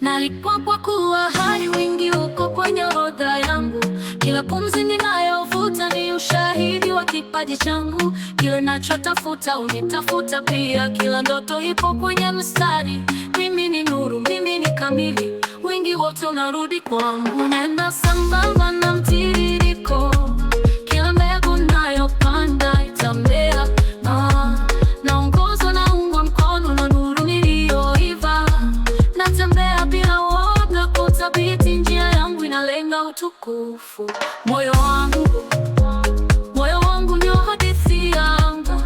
Nalipwa kwa kuwa hai wingi uko kwenye orodha yangu. Kila pumzi ninayovuta ni ushahidi wa kipaji changu. Kile nachotafuta unitafuta pia, kila ndoto ipo kwenye mstari. Mimi ni nuru, mimi ni kamili, wingi wote unarudi kwangu, nenda sambamba utukufu. Moyo wangu moyo wangu ndio hadithi yangu,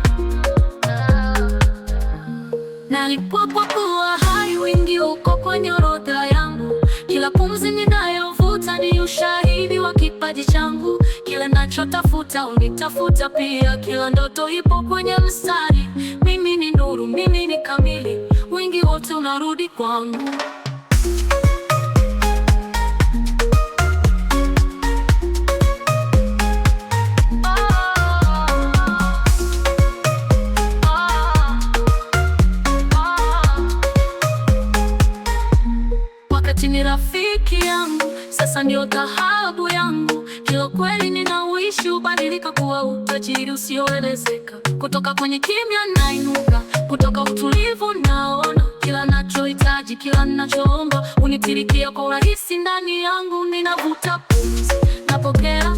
nalipokuwa hai, wingi uko kwenye orodha yangu. Kila pumzi ninayovuta ni ushahidi wa kipaji changu. Kila nachotafuta unitafuta pia, kila ndoto ipo kwenye mstari. Mimi ni nuru, mimi ni kamili, wingi wote unarudi kwangu. rafiki yangu sasa ndio dhahabu yangu, kila kweli ninauishi ubadilika kuwa utajiri usioelezeka. Kutoka kwenye kimya nainuka, kutoka utulivu naona kila nachohitaji, kila nachoomba unitirikia kwa urahisi ndani yangu. Ninavuta pumzi, napokea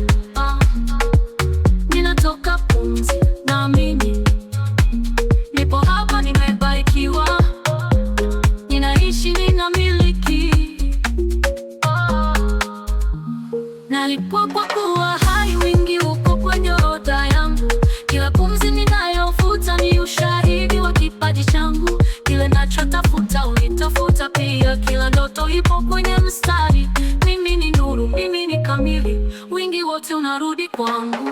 nalipwa kwa kuwa hai, wingi uko kwenye nyota yangu. Kila pumzi ninayovuta ni ushahidi wa kipaji changu. Kile nachotafuta unitafuta pia, kila ndoto ipo kwenye mstari. Mimi ni nuru, mimi ni kamili, wingi wote unarudi kwangu.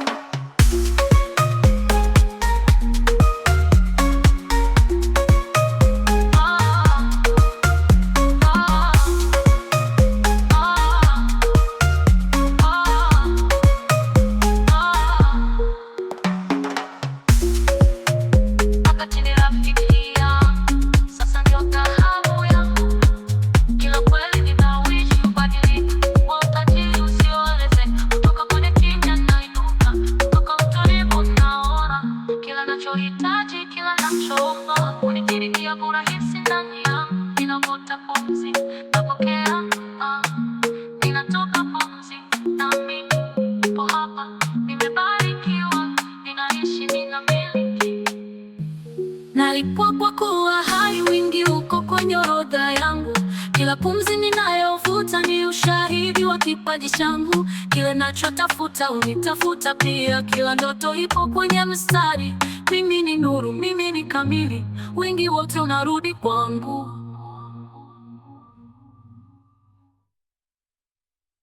Nahitaji kila nachoomba, unikirimia kwa urahisi ndani yangu. Ninavuta pumzi, napokea, ah. Nalipwa kwa kuwa hai, wingi uko kwenye orodha yangu. Kila pumzi ninayovuta ni ushahidi wa kipaji changu. kile nachotafuta unitafuta pia, kila ndoto ipo kwenye mstari mimi ni nuru, mimi ni kamili, wingi wote unarudi kwangu.